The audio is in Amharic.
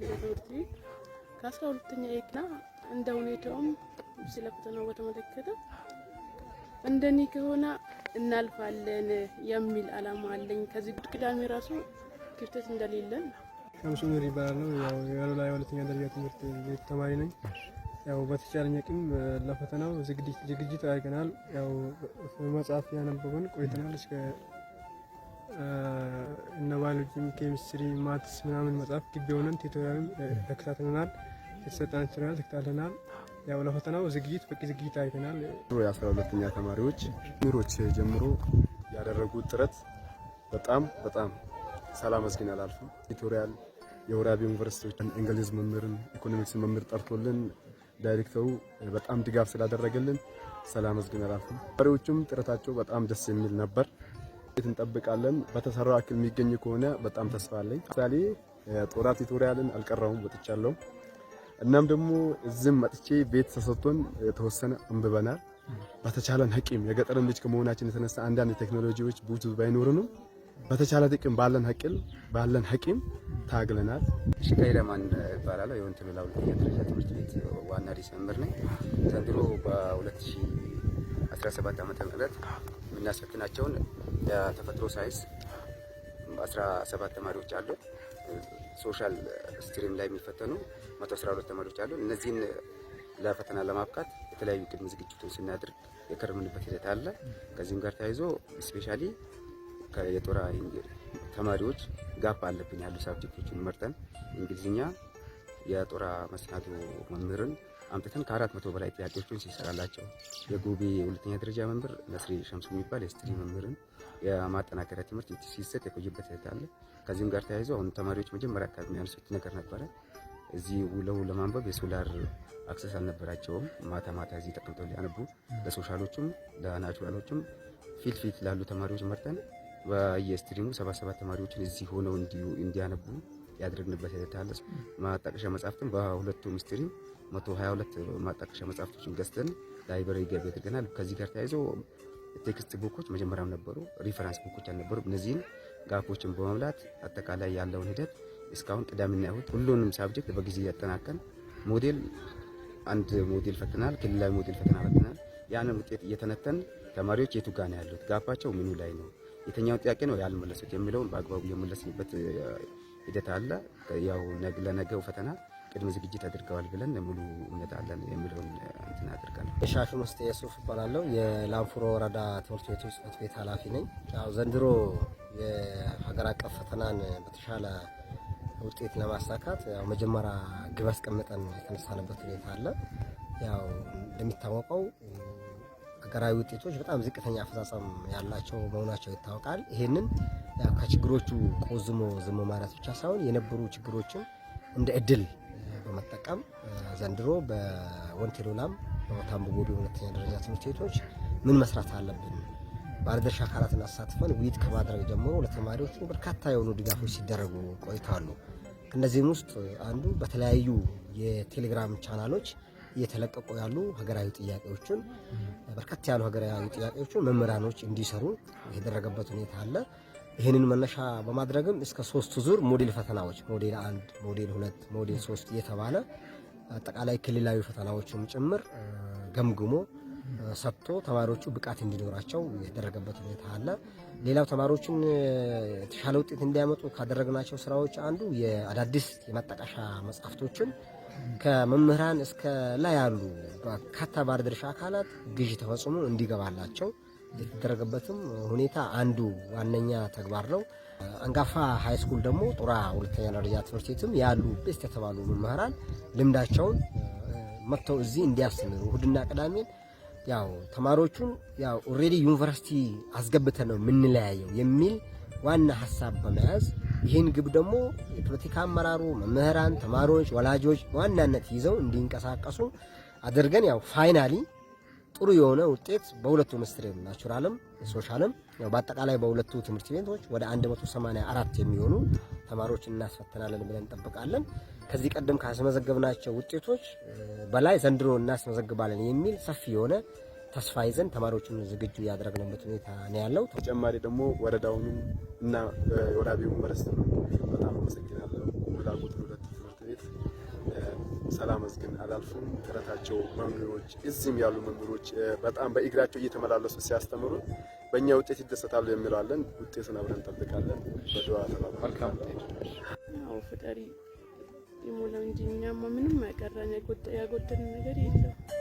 ከዛ ውጪ ከአስራ ሁለተኛ ኤክና እንደ ሁኔታውም ስለ ፈተናው በተመለከተ እንደኔ ከሆነ እናልፋለን የሚል አላማ አለኝ። ከዚህ ጉድ ቅዳሜ ራሱ ክፍተት እንደሌለን ሸምሱ ኑር ይባላል ነው ያው የአሮላ የሁለተኛ ደረጃ ትምህርት ቤት ተማሪ ነኝ። ያው በተቻለኝ አቅም ለፈተናው ዝግጅት አድርገናል። ያው መጽሐፍ ያነበብን ቆይተናል እስከ ባዮሎጂ፣ ኬሚስትሪ፣ ማትስ ምናምን መጽሐፍ ግቢ ሆነን ቲቶሪያል ተከታትለናል። የተሰጠን ቲቶሪያል ተከታትለናል። ያው ለፈተናው ዝግጅት በቂ ዝግጅት አይተናል። የአስራ ሁለተኛ ተማሪዎች ኑሮች ጀምሮ ያደረጉት ጥረት በጣም በጣም ሰላም መስግን አላልፉ ቲቶሪያል የወራቢ ዩኒቨርሲቲዎች እንግሊዝ መምህርን ኢኮኖሚክስ መምህር ጠርቶልን ዳይሬክተሩ በጣም ድጋፍ ስላደረገልን ሰላም መስግን አላልፉ። ተማሪዎቹም ጥረታቸው በጣም ደስ የሚል ነበር። እንጠብቃለን። በተሰራው አክል የሚገኝ ከሆነ በጣም ተስፋ አለኝ። ምሳሌ ጦራ ቲቶሪያልን አልቀረውም ወጥቻለሁ። እናም ደግሞ እዚህም መጥቼ ቤት ተሰጥቶን የተወሰነ አንብበናል። በተቻለን ሐቂም የገጠርን ልጅ ከመሆናችን የተነሳ አንዳንድ ቴክኖሎጂዎች ብዙ ባይኖርንም በተቻለ ጥቅም ባለን ሀቅል ባለን ሀቂም ታግለናል። እሺ ለማን እባላለሁ የወንት ሉላ ሁለተኛ ደረጃ ትምህርት ቤት ዋና ዲሴምበር ነኝ። ዘንድሮ በ2017 ዓ ም የምናስፈትናቸውን ለተፈጥሮ ሳይንስ 17 ተማሪዎች አሉ። ሶሻል ስትሪም ላይ የሚፈተኑ 112 ተማሪዎች አሉ። እነዚህን ለፈተና ለማብቃት የተለያዩ ቅድመ ዝግጅቱን ስናደርግ የከረምንበት ሂደት አለ። ከዚህም ጋር ተያይዞ ስፔሻሊ የጦራ ተማሪዎች ጋፕ አለብን ያሉ ሳብጀክቶችን መርጠን እንግሊዝኛ የጦራ መሰናዶ መምህርን አምጥተን ከአራት መቶ በላይ ጥያቄዎችን ሲሰራላቸው የጉቢ ሁለተኛ ደረጃ መምህር ነስሪ ሸምሱ የሚባል የስትሪ መምህርን የማጠናከሪያ ትምህርት ሲሰጥ የቆየበት ሂደት አለ። ከዚህም ጋር ተያይዞ አሁን ተማሪዎች መጀመሪያ አካባቢ ያነሱት ነገር ነበረ እዚህ ውለው ለማንበብ የሶላር አክሰስ አልነበራቸውም። ማታ ማታ እዚህ ተቀምጠው ሊያነቡ ለሶሻሎቹም ለናቹራሎቹም ፊት ፊት ላሉ ተማሪዎች መርጠን በየስትሪሙ ሰባት ሰባት ተማሪዎችን እዚህ ሆነው እንዲያነቡ ያደረግንበት ሂደት አለ። ማጣቀሻ መጽሐፍትም በሁለቱም ስትሪም 122 ማጣቀሻ መጽሐፍቶችን ገዝተን ላይብረሪ ገብ አድርገናል። ከዚህ ጋር ተያይዞ ቴክስት ቡኮች መጀመሪያም ነበሩ፣ ሪፈረንስ ቡኮች አልነበሩ። እነዚህን ጋፖችን በመምላት አጠቃላይ ያለውን ሂደት እስካሁን ቅዳሜና እሁድ ሁሉንም ሳብጀክት በጊዜ እያጠናቀን ሞዴል አንድ ሞዴል ፈትናል፣ ክልላዊ ሞዴል ፈተና ፈትናል። ያንን ውጤት እየተነተን ተማሪዎች የቱ ጋር ነው ያሉት፣ ጋፓቸው ምኑ ላይ ነው፣ የተኛውን ጥያቄ ነው ያልመለሱት የሚለውን በአግባቡ የመለስበት ሂደት አለ። ያው ለነገው ፈተና ቅድመ ዝግጅት አድርገዋል ብለን ሙሉ እምነት አለን የሚለውን እንትን አድርገን የሻሽ ውስጥ የሱፍ እባላለሁ የላንፉሮ ወረዳ ትምህርት ቤቱ ጽሕፈት ቤት ኃላፊ ነኝ። ዘንድሮ የሀገር አቀፍ ፈተናን በተሻለ ውጤት ለማሳካት መጀመሪያ ግብ አስቀምጠን የተነሳንበት ሁኔታ አለ። ያው እንደሚታወቀው ሀገራዊ ውጤቶች በጣም ዝቅተኛ አፈጻጸም ያላቸው መሆናቸው ይታወቃል። ይህንን ከችግሮቹ ቆዝሞ ዝም ማለት ብቻ ሳይሆን የነበሩ ችግሮችን እንደ እድል በመጠቀም ዘንድሮ በወንቴሎላም ታምቡጎቢ ሁለተኛ ደረጃ ትምህርት ቤቶች ምን መስራት አለብን ባለድርሻ አካላትን አሳትፈን ውይይት ከማድረግ ጀምሮ ለተማሪዎች በርካታ የሆኑ ድጋፎች ሲደረጉ ቆይተዋል። ከእነዚህም ውስጥ አንዱ በተለያዩ የቴሌግራም ቻናሎች እየተለቀቁ ያሉ ሀገራዊ ጥያቄዎችን በርካታ ያሉ ሀገራዊ ጥያቄዎችን መምህራኖች እንዲሰሩ የተደረገበት ሁኔታ አለ። ይህንን መነሻ በማድረግም እስከ ሶስት ዙር ሞዴል ፈተናዎች ሞዴል አንድ፣ ሞዴል ሁለት፣ ሞዴል ሶስት እየተባለ አጠቃላይ ክልላዊ ፈተናዎችም ጭምር ገምግሞ ሰጥቶ ተማሪዎቹ ብቃት እንዲኖራቸው የተደረገበት ሁኔታ አለ። ሌላው ተማሪዎችን የተሻለ ውጤት እንዲያመጡ ካደረግናቸው ስራዎች አንዱ የአዳዲስ የማጣቀሻ መጽሐፍቶችን ከመምህራን እስከ ላይ ያሉ በርካታ ባለድርሻ አካላት ግዥ ተፈጽሞ እንዲገባላቸው የተደረገበትም ሁኔታ አንዱ ዋነኛ ተግባር ነው። አንጋፋ ሃይስኩል ደግሞ ጡራ ሁለተኛ ደረጃ ትምህርት ቤትም ያሉ ቤስት የተባሉ መምህራን ልምዳቸውን መጥተው እዚህ እንዲያስተምሩ እሁድና ቅዳሜን ያው ተማሪዎቹን ያው ኦልሬዲ ዩኒቨርሲቲ አስገብተ ነው የምንለያየው የሚል ዋና ሀሳብ በመያዝ ይህን ግብ ደግሞ የፖለቲካ አመራሩ፣ መምህራን፣ ተማሪዎች፣ ወላጆች ዋናነት ይዘው እንዲንቀሳቀሱ አድርገን ያው ፋይናሊ ጥሩ የሆነ ውጤት በሁለቱ ምስትሪም ናቹራልም ሶሻልም በአጠቃላይ በሁለቱ ትምህርት ቤቶች ወደ 184 የሚሆኑ ተማሪዎች እናስፈትናለን ብለን እንጠብቃለን። ከዚህ ቀደም ካስመዘገብናቸው ውጤቶች በላይ ዘንድሮ እናስመዘግባለን የሚል ሰፊ የሆነ ተስፋ ይዘን ተማሪዎችን ዝግጁ እያደረግንበት ሁኔታ ነው ያለው። ተጨማሪ ደግሞ ወረዳውንም እና ወራቤው ዩኒቨርስቲ በጣም አመሰግናለሁ። ሳላመሰግን አላልፍም። ጥረታቸው መምህሮች፣ እዚህም ያሉ መምህሮች በጣም በእግራቸው እየተመላለሱ ሲያስተምሩ በእኛ ውጤት ይደሰታሉ የሚላለን ውጤቱን አብረን እንጠብቃለን። በድዋ ተባባል። ፈጣሪ የሞላው እንጂ እኛማ ምንም ያቀረን ያጎደልን ነገር የለም።